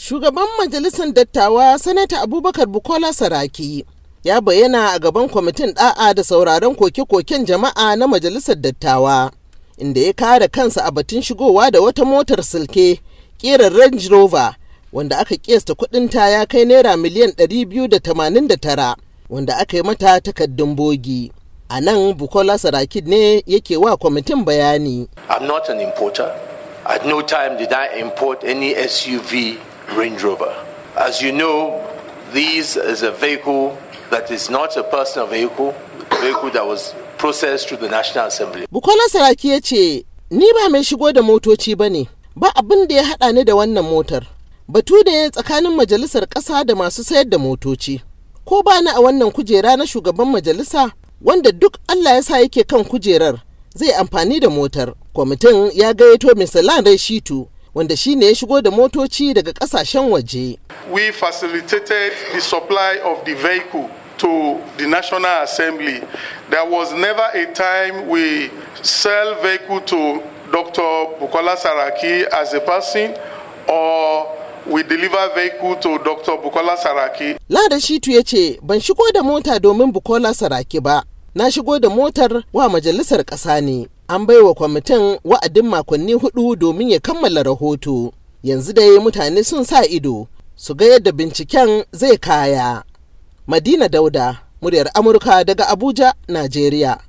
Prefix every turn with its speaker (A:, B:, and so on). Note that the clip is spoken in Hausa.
A: Shugaban Majalisar Dattawa Sanata Abubakar Bukola Saraki ya bayyana a gaban kwamitin ɗa'a da sauraron koke-koken jama'a na Majalisar Dattawa, inda ya kare kansa a batun shigowa da wata motar silke ƙerar Range Rover wanda aka kiyasta kudinta ya kai naira miliyan 289 wanda aka yi mata takardun bogi. A nan Bukola Saraki ne yake wa kwamitin bayani.
B: I'm not an importer. At no time did I import any SUV Range Rover. As you know, this is a vehicle that is not a personal vehicle, a vehicle that was processed through the National Assembly. Bukola
A: Saraki ya ce, Ni ba mai shigo da motoci ba ne, ba abin da ya haɗa ni da wannan motar. Batu da ya tsakanin majalisar ƙasa da masu sayar da motoci. Ko ba ni a wannan kujera na shugaban majalisa wanda duk Allah ya sa yake kan kujerar zai amfani da motar. Kwamitin ya gayyato Mr. Lan Shitu wanda shi ne ya shigo da motoci daga kasashen waje.
C: We facilitated the supply of the vehicle to the National Assembly. There was never a time we sell vehicle to Dr. Bukola Saraki as a person or we deliver vehicle to Dr. Bukola Saraki.
A: Lada Shitu ya ce ban shigo da mota domin Bukola Saraki ba, na shigo da motar wa majalisar ƙasa ne. an bai wa kwamitin wa'adin makonni hudu domin ya kammala rahoto yanzu dai mutane sun sa ido su ga yadda binciken zai kaya madina dauda muryar amurka daga abuja najeriya